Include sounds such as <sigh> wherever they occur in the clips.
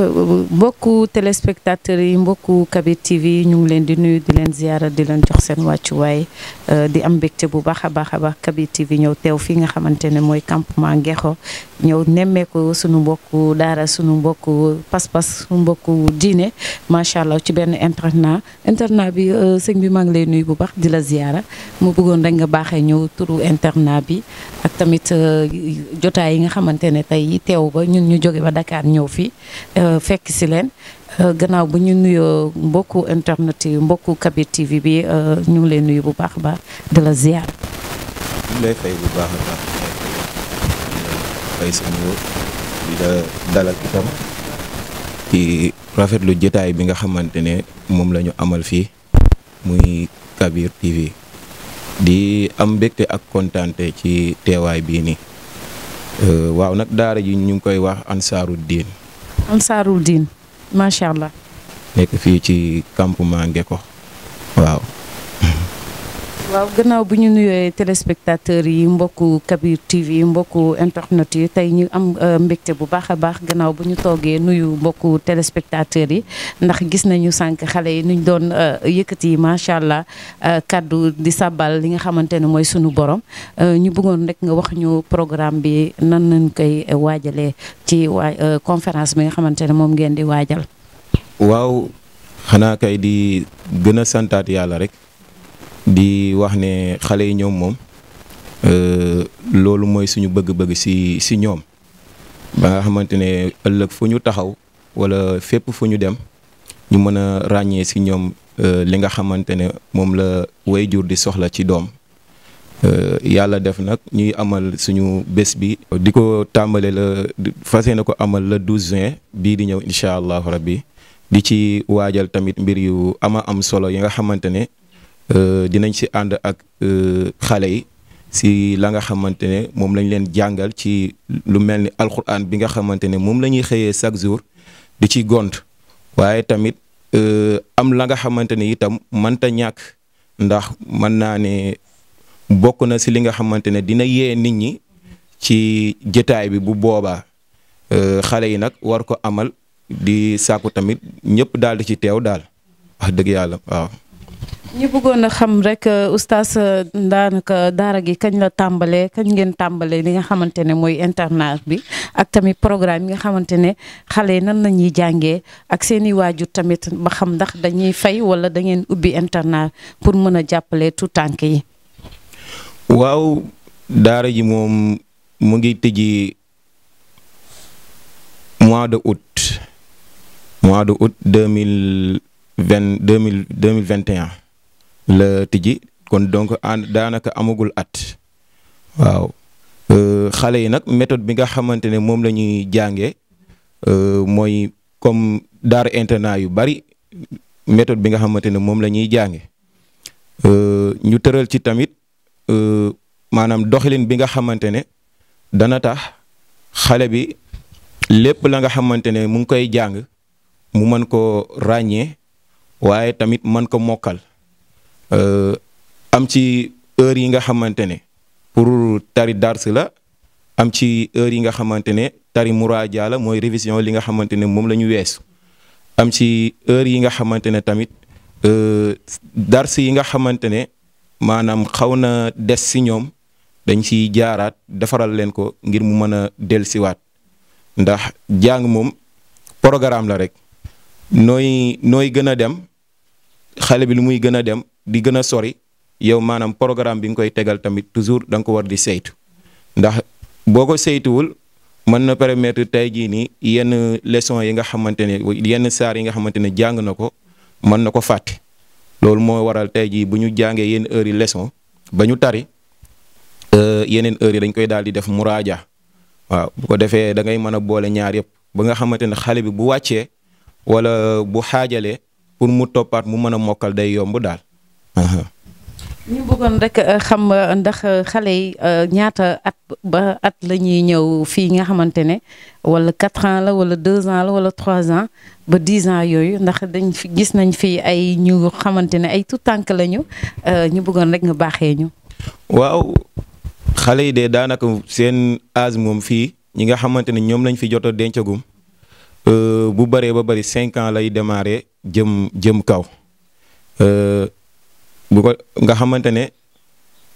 Euh, mbokku téléspectateurs yi mbokku Kabir TV ñu ngi leen di nuyu di leen ziara di leen jox seen wàccuwaay euh, di am mbégte bu baax a baax a baax Kabir TV ñëw teew fii nga xamante ne mooy campement Ngexo ñëw nemmeeku sunu mbokku daara sunu mbokku pas-pas mbokku diine macha allah ci benn internat internat bi euh, sëñ bi maa ngi lay nuyu bu baax di la ziara mu bëggoon rek nga baaxee ñëw turu internat bi ak tamit jotaay yi nga xamante ne tey teew ba ñu ñu jóge ba dakaar ñëw fii fekk si leen euh, gannaaw bu ñu nuyoo mbokku internet yi mbokku Kabir TV bi euh, ñu ngi lay nuyu bu baax baax dala la ziar. ñu lay fay bu baax a baax fay sa la dalal itam ci rafetlu jotaay bi nga xamante ne moom lañu amal fii muy Kabir TV di am mbégte ak kontaante ci teewaay bii nii euh, waaw nag daara ji ñu ngi koy wax ansaaru diin. Ansaarul Diin macha allah. nekk fii ci campement Ngeko waaw waaw gannaaw bu ñu nuyooyee téléspectateurs yi mbokku Kabir TV mbokku internet yi tey ñu am euh, mbégte bu baax a baax gannaaw bu ñu toogee nuyu mbokku téléspectateurs yi ndax gis nañu sànq xale yi nuñ doon euh, yi macha allah euh, kaddu di sàbbal li nga xamante ne mooy sunu borom ñu buggoon rek nga wax ñu programme bi nan lañ koy waajalee ci waa conférence bi nga xamante ne moom ngeen di waajal. waaw xanaa kay di gën a santaat yàlla rek. di wax ne xale yi ñoom moom euh, loolu mooy suñu bëgg-bëgg si si ñoom ba nga xamante ne ëllëg fu ñu taxaw wala fépp fu ñu dem ñu mën a ràññee si ñoom euh, li nga xamante ne moom la way jur di soxla ci doom euh, yàlla def nag ñuy amal suñu bés bi di ko tàmbale la fas yéene ko amal la douze juin bii di ñëw incha allahu rabbi di ci waajal tamit mbir yu ama am solo yi nga xamante ne Euh, dinañ si ànd ak euh, xale yi si la nga xamante ne moom lañ leen jàngal ci lu mel ni alxuraan bi nga xamante ne moom la ñuy xëyee chaque jour di ci gont waaye tamit euh, am la nga xamante ne itam manta ñàkk ndax mën naa ne bokk na si li nga xamante ne dina yee nit ñi ci jëtaay bi bu boobaa xale yi nag war ko amal di sàkku tamit ñëpp daal di ci teew daal wax dëgg yàlla waaw. ñu bëggoon a xam rek euh, oustaz euh, daanaka daara gi kañ la tàmbalee kañ ngeen tàmbalee li nga xamante ne mooy internat bi ak tamit programme yi nga xamante ne xale yi nan la ñuy jàngee ak seen waajur tamit ba xam ndax dañuy fay wala da ngeen ubbi internat pour mën a jàppale tout tànk yi. waaw daara ji moom mu ngi tëji mois de août mois de aout deux mille vingt deux mille deux mille vingt la tijji kon donc ànd daanaka amagul at waaw euh, xale yi nag méthode bi nga xamante ne moom la ñuy jàngee euh, mooy comme daara internat yu bari méthode bi nga xamante ne moom la ñuy jànge euh, ñu tëral ci tamit maanaam doxalin bi nga xamante ne dana tax xale bi lépp la nga xamante ne mu ngi koy jàng mu mën ko ràññee waaye tamit mën ko mokkal Euh, am ci heure yi nga xamante ne pour tari dars la am ci heure yi nga xamante ne tari muraaja la mooy révision li nga xamante ne moom la ñu weesu am ci heure yi nga xamante ne tamit euh, dars yi nga xamante ne maanaam xaw na des si ñoom dañ ciy jaaraat defaral leen ko ngir mu mën a dellusiwaat ndax jàng moom programme la rek nooy nooy gën a dem xale bi lu muy gën a dem di gën a sori yow maanaam programme bi nga koy tegal tamit toujours danga ko war di saytu ndax boo ko saytuwul mën na permettre tey jii nii yenn leçon yi nga xamante ne yenn saar yi nga xamante ne jàng na ko mën na ko fàtte loolu moo waral tey jii bu ñu jàngee yenn heures yi leçon ba ñu tari euh, yeneen heures dañ koy daal di def muraaja waaw bu ko defee da ngay mën a boole ñaar yëpp ba nga xamante ne xale bi bu wàccee wala bu xaajale pour mu toppaat mu mën a mokkal day yomb daal. Uh-huh. ñu bëggoon rek uh, xam uh, ndax uh, xale yi ñaata at ba at la ñuy ñëw fii nga xamante ne wala quatre ans la wala deux ans la wala trois ans ba dix ans yooyu ndax dañ fi gis nañ fi ay ñu xamante ne ay tout tànk lañu ñu bëggoon rek nga baaxee ñu. waaw xale yi de daanaka seen âge moom fii ñi nga xamante ne ñoom lañ fi jot a dencagum bu bëree ba bëri cinq ans lay démarrer jëm jëm kaw. bu ko nga xamante ne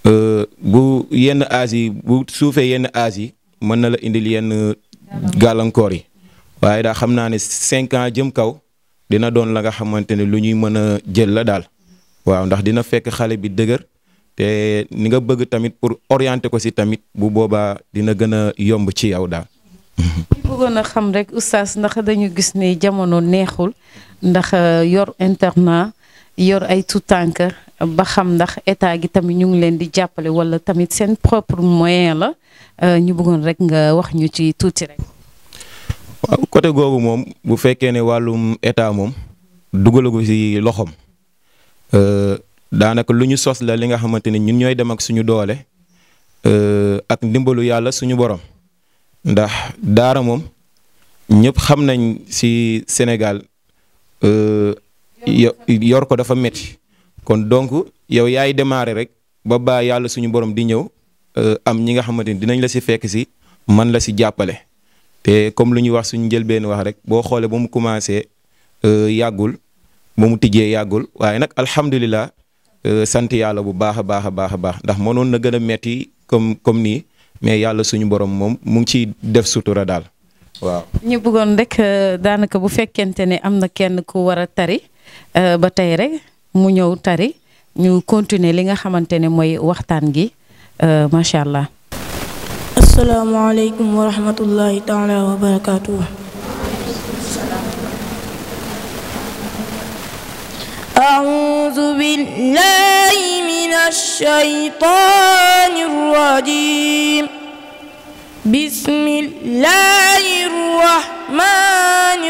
euh, bu yenn âge bu suufee yenn âge yi mën na la indil yenn gàllankoor yi waaye daa xam naa ne cinq ans jëm kaw dina doon la nga xamante ne lu ñuy mën a jël la daal waaw ndax dina fekk xale bi dëgër te ni nga bëgg tamit pour orienter ko si tamit bu boobaa dina gën a yomb ci yow daal. bëggoon a xam rek oustaz ndax dañu gis ne jamono neexul ndax euh, yor internat yor ay tout tànk ba xam ndax état gi tamit ñu ngi leen di jàppale wala tamit seen propre moyen la euh, ñu bëggoon rek nga wax ñu ci tuuti rek. waaw côté googu moom bu fekkee ne wàllum état moom dugalagu ci loxoom euh, daanaka lu ñu sos la li nga xamante ni ñun ñooy dem ak suñu doole euh, ak ndimbalu yàlla suñu borom ndax daara moom ñëpp xam nañ ci Sénégal yor ko dafa metti kon donc yow yaay démarré rek ba baa yàlla suñu borom di ñëw euh, am ñi nga xamante ni dinañ la si fekk si man la si jàppale te comme lu ñuy wax suñu njëlbeen wax rek boo xoolee ba mu commencé euh, yàggul ba mu tijjee yàggul waaye nag alhamdulilah euh, sant yàlla bu baax a baax a baax a baax ndax mënoon na gën a metti comme comme nii mais yàlla suñu borom moom mu ngi ciy def sutura daal waaw. ñu bëggoon rek daanaka bu fekkente ne am na kenn ku war a tari ba tey rek. mu ñëw tari ñu continuer li nga xamante ne mooy waxtaan gi euh, macha allah. asalaamaaleykum wa rahmatullahi taala wa barakaatu. أعوذ بالله من الشيطان الرجيم بسم الله الرحمن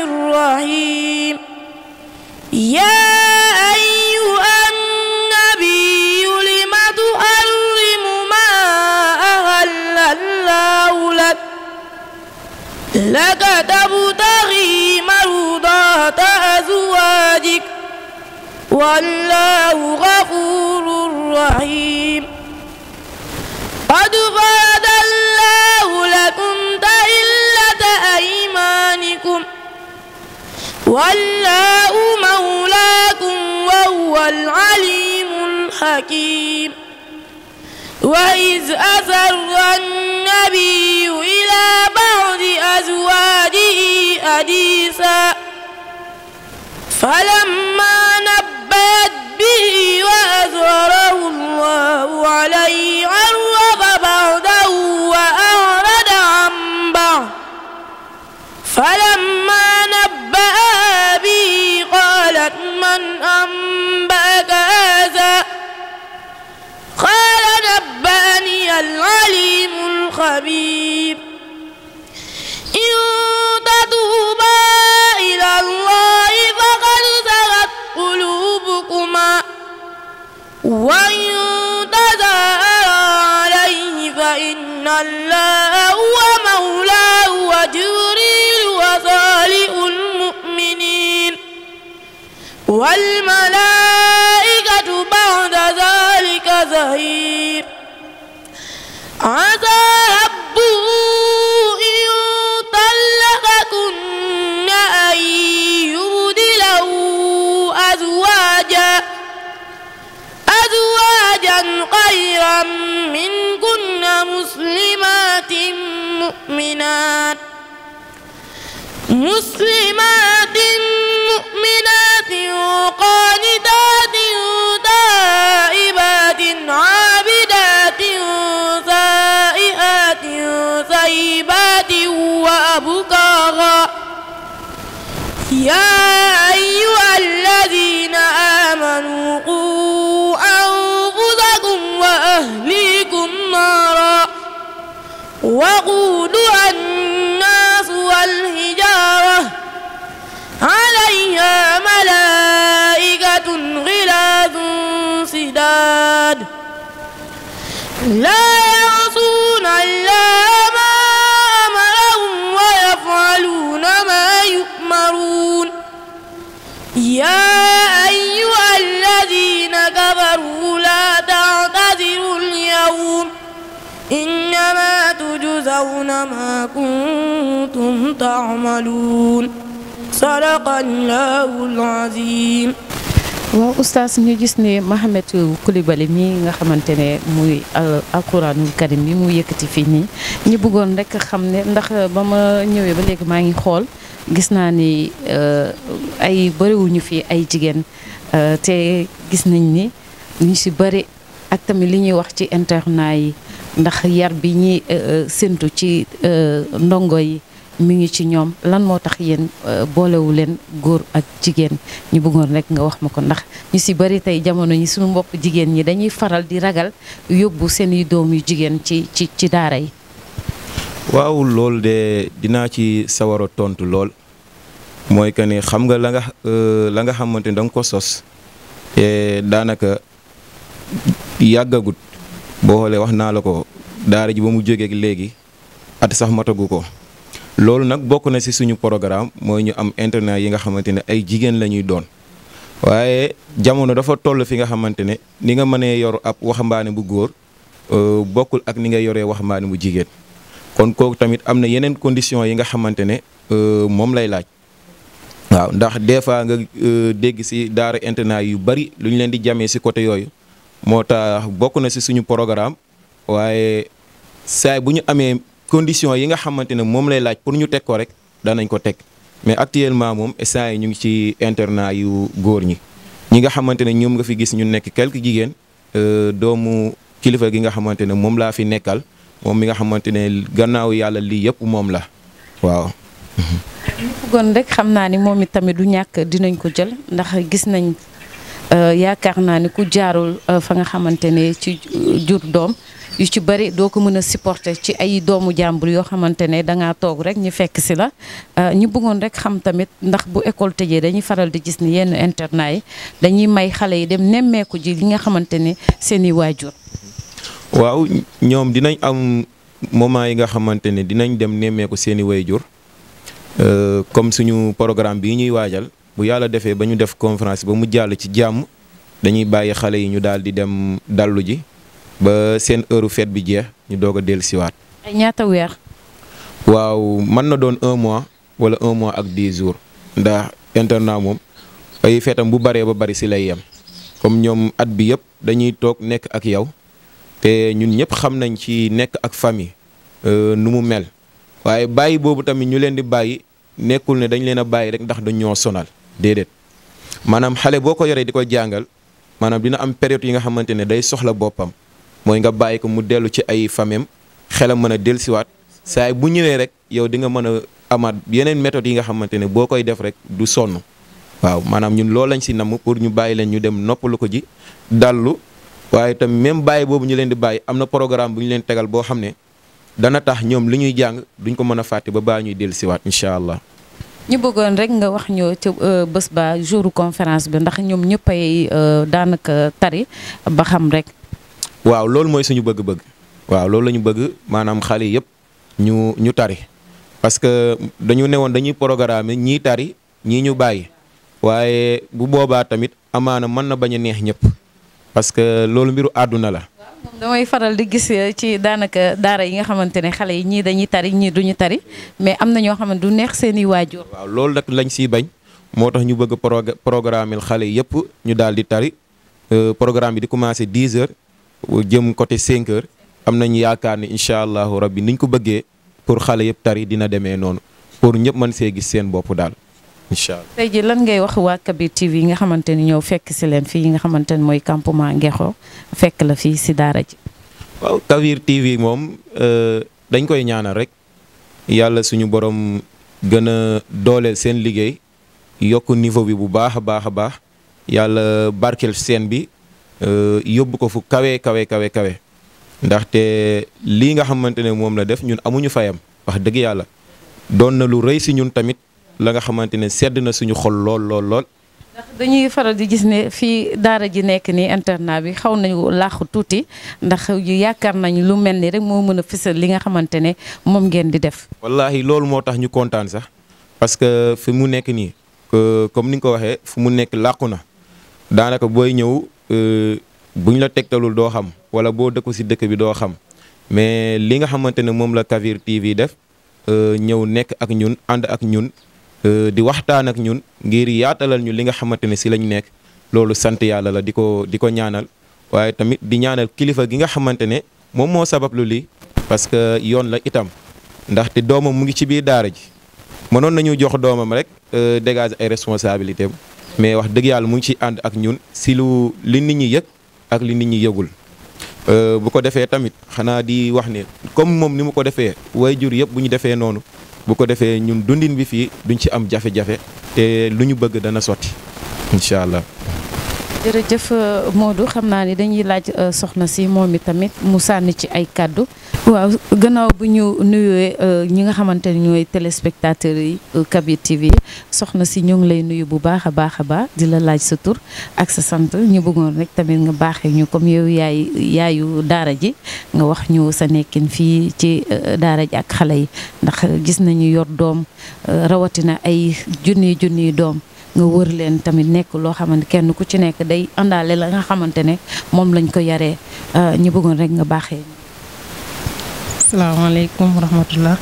والله غفور رحيم قد غاد الله لكم تئلة أيمانكم والله مولاكم وهو العليم الحكيم وإذ أسر النبي إلى بعض أزواجه حديثا فلم عليه عرض بعضه وأعرض عن بعض فلما نبأها به قالت من أنبأك هذا قال نبأني العليم الخبير إن تتوبا إلى الله فقد سغت قلوبكما وإن فإن الله هو مولاه وجبريل وصالح المؤمنين والملائكة بعد ذلك ظهير عسى ربه خيرا منكن مسلمات مؤمنات مسلمات مؤمنات قانتات تائبات عابدات سائحات ثيبات وأبكارا يا أيها الذين آمنوا قوا وقودها الناس والحجارة عليها ملائكة غلاظ صداد لا يعصون الله ما أمرهم ويفعلون ما يؤمرون يا تجزون ما كنتم waaw oustaz ñu gis ni Mohamed Koulibaly mii nga xamante ne muy alquranul karim bi mu yëkkati fii nii ñu bëggoon rek xam ne ndax ba ma ñëwee ba léegi maa ngi xool gis naa ni euh, ay bëriwuñu fii ay jigéen euh, te gis nañ ni ñu si bari ak tamit li ñuy wax ci internat yi ndax yar bi ñuy euh, euh, séntu ci euh, ndongo yi mu ngi ci ñoom lan moo tax yéen boolewu leen góor ak jigéen ñu bëggoon rek nga wax ma ko ndax ñu si bari tey jamono ñi suñu mbokk jigéen ñi dañuy faral di ragal yóbbu seeni doom yu jigéen ci ci ci daara yi. waaw loolu de dinaa ci sawar tontu lool mooy que ni xam nga la nga la nga xamante ni da nga ko sos te eh, daanaka. yàggagut boo wax naa la ko daara ji ba mu jógeek léegi at sax matagu ko loolu nag bokk na si suñu programme mooy ñu am internat yi nga xamante ne ay jigéen la ñuy doon waaye jamono dafa toll fi nga xamante ne ni nga mënee yor ab waxambaane bu góor euh, bokkul ak ni nga yoree waxambaane bu jigéen kon kooku tamit am na yeneen condition yi nga xamante ne euh, moom lay laaj waaw ndax des fois nga euh, dégg si daara internat yu bari lu ñu leen di jamee si côté yooyu moo tax bokk na si suñu programme waaye saay bu ñu amee condition yi nga xamante ne moom lay laaj pour ñu teg ko rek danañ ko teg mais actuellement moom saa yi ñu ngi ci internat yu góor ñi ñi nga xamante ne ñoom nga fi gis ñu nekk quelques jigéen euh, doomu kilifa gi nga xamante ne moom laa fi nekkal moom mi nga xamante ne gannaaw yàlla lii yëpp moom la waaw. <laughs> ñu bëggoon rek xam naa ni moom it du ñàkk dinañ ko jël ndax gis nañ. Euh, yaakaar naa ne ku jaarul euh, fa nga xamante ne ci euh, jur doom yu ci bëri doo ko mën a supporter ci ay doomu jàmbur yoo xamante ne dangaa toog rek ñu fekk si la ñu bëggoon rek xam tamit ndax bu école tëjee dañuy faral di gis ni yenn internat yi dañuy may xale yi dem nemmeeku ji li nga xamante ne seeni waajur. waaw ñoom dinañ am moment yi nga xamante ne dinañ dem nemmeeku seeni waajur comme suñu programme bi ñuy waajal. bu yàlla defee ba ñu def conférence ba mu jàll ci jàmm dañuy bàyyi xale yi ñu daal di dem dallu ji ba seen heure fête bi jeex ñu doog a dellusiwaat. ay ñaata weer. waaw mën na doon un mois wala un mois ak dix jours ndax internat moom ay feetam bu baree ba bari si lay yem comme ñoom at bi yëpp dañuy toog nekk ak yow te ñun ñëpp xam nañ ci nekk ak famille euh, nu mu mel waaye bàyyi boobu tamit ñu leen di bàyyi nekkul ne dañu leen a bàyyi rek ndax dañu ñoo sonal. déedéet maanaam xale boo ko yoree di ko jàngal maanaam dina am période yi nga xamante ne day soxla boppam mooy nga bàyyi ko mu dellu ci ay famem xelam mën a siwaat saa bu ñëwee rek yow di nga mën a amaat yeneen méthodes yi nga xamante ne boo koy def rek du sonn waaw maanaam ñun loolu lañ si namm pour ñu bàyyi leen ñu dem noppalu ko ji dallu waaye tam même bàyyi boobu ñu leen di bàyyi am na programme bu ñu leen tegal boo xam ne dana tax ñoom li ñuy jàng duñ ko mën a fàtte ba baa ñuy dellusiwaat incha allah. ñu bëggoon rek nga wax ñu ca euh, bés ba jouru conférence bi ndax ñoom ñëpp ay euh, daanaka tari ba xam rek. waaw loolu mooy suñu bëgg-bëgg. waaw loolu la ñu bëgg maanaam xale yëpp ñu ñu tari parce que ne woon dañuy programme ñii tari ñii ñu bàyyi waaye bu boobaa tamit amaana mën na bañ a neex ñëpp parce que loolu mbiru àdduna la. damay faral di gis eh, ci daanaka daara yi nga xamante ne xale yi ñii dañuy tari ñii duñu tari mais am na ñoo xamante ne du neex seeni waajur. waaw loolu nag lañ siy bañ moo tax ñu bëgg programme xale yëpp ñu daal di tari euh, programme bi di commencé 10 heures jëm côté 5 heures am nañu yaakaar ni incha allahu rabbi niñ ko bëggee pour xale yëpp tari dina demee noonu pour ñëpp mën see gis seen bopp daal. incha allah tey jii lan ngay wax waa Kabir TV yi nga xamante ni ñëw fekk si leen fii nga xamante ni mooy campement Ngexo fekk la fii si daara ji. waaw Kabir TV moom euh, dañ koy ñaanal rek yàlla suñu borom gën a dooleel seen liggéey yokk niveau bi bu baax a baax a baax yàlla barkeel seen bi euh, yóbbu ko fu kawe kawe kawe kawe. ndaxte lii nga xamante ne moom la def ñun amuñu fayam wax dëgg yàlla doon na lu rëy si ñun tamit la nga xamante ne sedd na suñu xol lool lool lool. dañuy faral di gis ne fii daara ji nekk nii internat bi xaw nañu laaxu tuuti ndax yaakaar nañu lu mel ni rek moo mën a fësal li nga xamante ne moom ngeen di def. wallaahi loolu moo tax ñu kontaan sax parce que fi mu nekk nii comme ni nga ko waxee fu mu nekk làqu na daanaka booy ñëw euh, buñ la tegtalul doo xam wala boo dëkku si dëkk bi doo xam mais li nga xamante ne moom la Kavir TV def euh, ñëw nekk ak ñun ànd ak ñun. Euh, di waxtaan ak ñun ngir yaatalal ñu li nga xamante ne si lañ nekk loolu sant yàlla la di ko di ko ñaanal waaye tamit di ñaanal kilifa gi nga xamante ne moom moo sabab lu lii parce que yoon la itam ndaxte doomam mu ngi ci biir daara ji mënoon nañu jox doomam rek euh, dégager ay responsabilités mais wax dëgg yàlla mu ngi ci ànd ak ñun si lu li nit ñi yëg ak li nit ñi yëgul. Euh, bu ko defee tamit xanaa di wax ne comme moom ni mu ko defee way jur yëpp bu ñu defee noonu bu ko defee ñun dundin bi fii duñ ci am jafe-jafe te lu ñu bëgg dana sotti incha allah. jërëjëf Modou xam naa ni dañuy laaj euh, soxna si moom itamit mu sànni ci ay kàddu. waaw gannaaw bu ñu nuyoo euh, ñi nga xamante ne ñooy téléspectateurs yi euh, Kabir TV soxna si ñu ngi lay nuyu bu baax a baax a baax di la laaj sa tur ak sa sant ñu bëggoon rek tamit nga baaxee ñu comme yow yaay yaayu daara ji nga wax ñu sa nekkin fii ci euh, daara ji ak xale yi ndax gis nañu yor doom rawatina ay junni junni doom. nga wër leen tamit nekk loo xamante kenn ku ci nekk day àndaale la nga xamante ne moom lañ ko yaree ñu bëggoon rek nga baaxee. asalaamaaleykum wa rahmatullah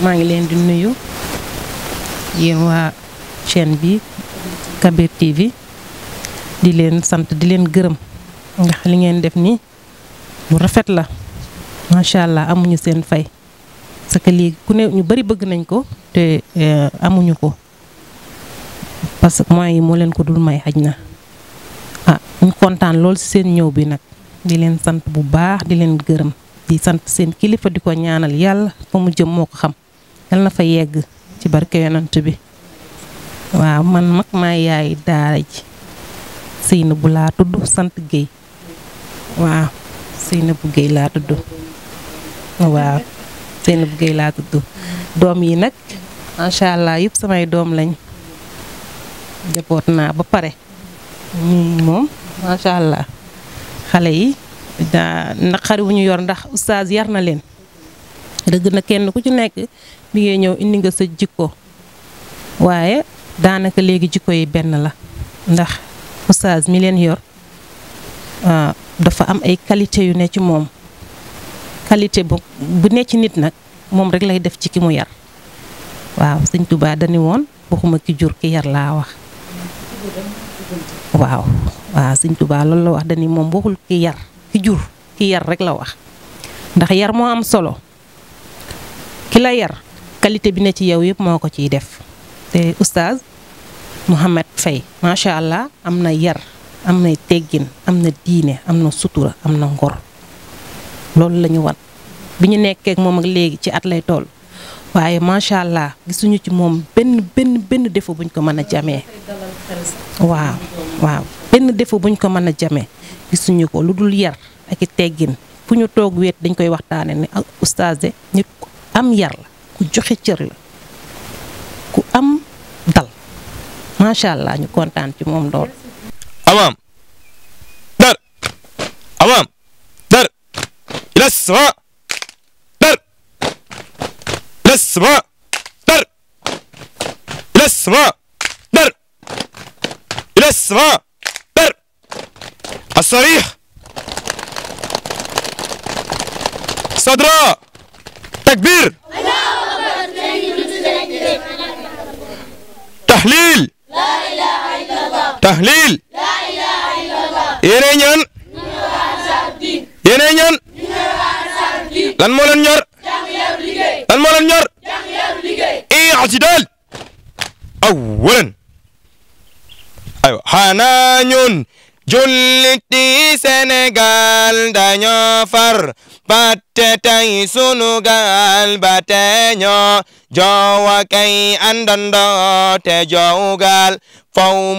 maa ngi leen di nuyu yéen waa chaîne bi Kabir TV di leen sant di leen gërëm ndax li ngeen def nii bu rafet la macha allah amuñu seen fay parce que léegi ku ne ñu bari bëgg nañ ko te eh, amuñu ko parce que moyens yi moo leen ko dul may xaj na ah ñu kontaan lool ci seen ñëw bi nag di leen sant bu baax di leen gërëm. di sant seen kilifa di ko ñaanal yàlla fa mu jëm moo ko xam yal na fa yegg ci barke yonant bi waaw man mag maa yaay daara ji Seyna bu laa tudd sant Guèye waaw Seyna bu laa tudd waaw Seyna bu Guèye laa tudd doom yi nag macha allah yëpp samay doom lañ jaboot naa ba pare moom macha allah xale yi naqari wu ñu yor ndax oustaz yar na leen dëgg na kenn ku ci nekk bi ngay ñëw indi nga sa jikko waaye daanaka léegi jikko yi benn la ndax oustaz mi leen yor ah, dafa am ay qualité yu ne ci moom qualité bu bu ne ci nit nag moom rek lay def ci ki mu yar waaw sëñ Tuubaa dani woon waxuma ki jur ki yar laa wax waaw waaw sëñ Tuubaa loolu la wax dani moom waxul ki yar jur ki yar rek la wax ndax yar moo am solo ki la yar qualité bi ne ci yow yëpp moo ko ciy def te oustaz Mouhamed Faye macha allah am na yar am na teggin am na diine am na sutura am na ngor loolu lañu wan bi ñu nekkee moom ak léegi ci at lay tool waaye macha allah gisuñu ci moom benn benn benn défaut buñ ko mën a jamee waaw waaw benn défaut buñ ko mën a jamee gisuñu ko lu dul yar ak i teggin fu ñu toog wet dañ koy waxtaane ni ak ah, oustaz nit ku am yar la ku joxe cër la ku am dal macha allah ñu kontaan ci moom lool. amaam dar amaam dar ila sama dar ila sama dar ila sama صريح صدراء تكبير تحليل لا إله إلا الله تحليل لا إله إلا الله yéenay ñaan yéenay ñaan lan moo leen ñor lan moo leen ñor i'tidal أولا أيوة حنان jullit di Sénégal dañoo far batte tey sunu gaal ñoo joowa kay àndandoo te joow gaal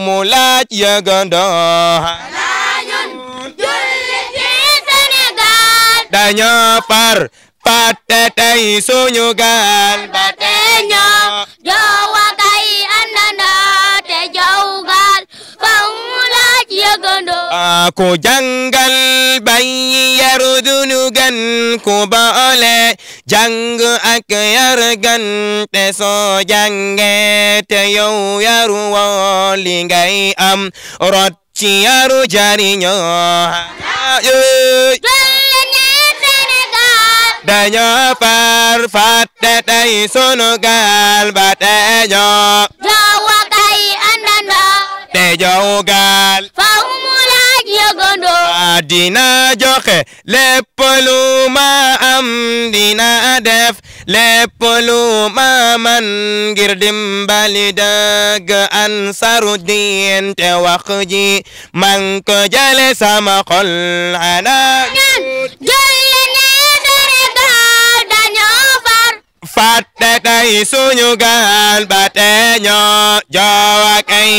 mu laaj yëgandoo dañoo far patte tey suñu gaal ñoo ku jàngal bay yar dunu gan ku boole jàng ak yar gan te soo jàngee te yow woo li ngay am rot ci yaru jariñoo dañoo far fàtte tey sunu gaal ba teñoo jow wa kay andandoo te jow gaal faw a dina joxe lépp lu ma am dina def lépp lu ma man ngir dimbali dëgg ansaru diin te wax man ko jële sama xol ana fàtte tey suñu gaal ba te ñoo jowa kay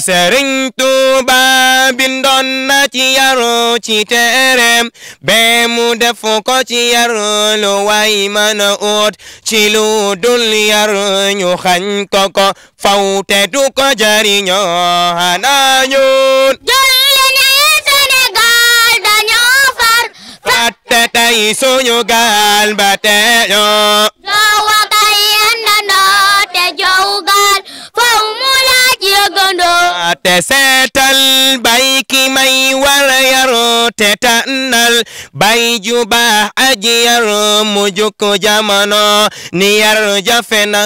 sëriñ Tuuba bindoon na ci yaru ci tereem be mu def ci yaru lu way mën a ut ci lu dul yaru ñu xañ ko ko faw te du ko jariñoo xanaa ñun Sénégal far fàtte suñu gaal ba teñoo te tànnal bay ju baax aji yar mu jukk ni yar jafe na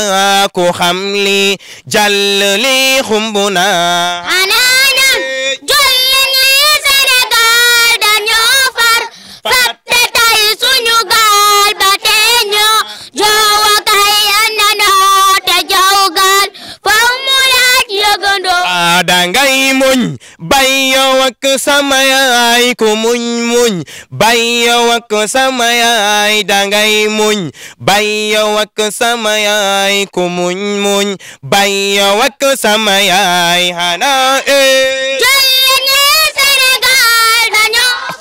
ku xam li jàll li xumb yaa ngay muñ bay yow ak ku muñ muñ bay yow ak sama muñ bay yow ak ku muñ muñ bay yow ak sama yaay xanaa eh.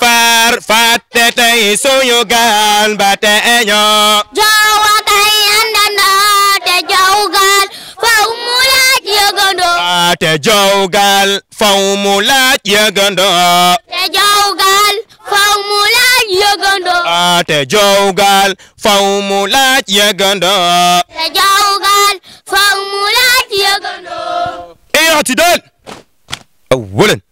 faar fàtte tey suñu gaal ba te ñoo ah te jowgal faw mu laaj yëgandoo. te jowgal faw mu laaj yëgandoo. ah te jowgal faw mu laaj yëgandoo. te jowgal faw mu laaj yëgandoo. iratidal awwalan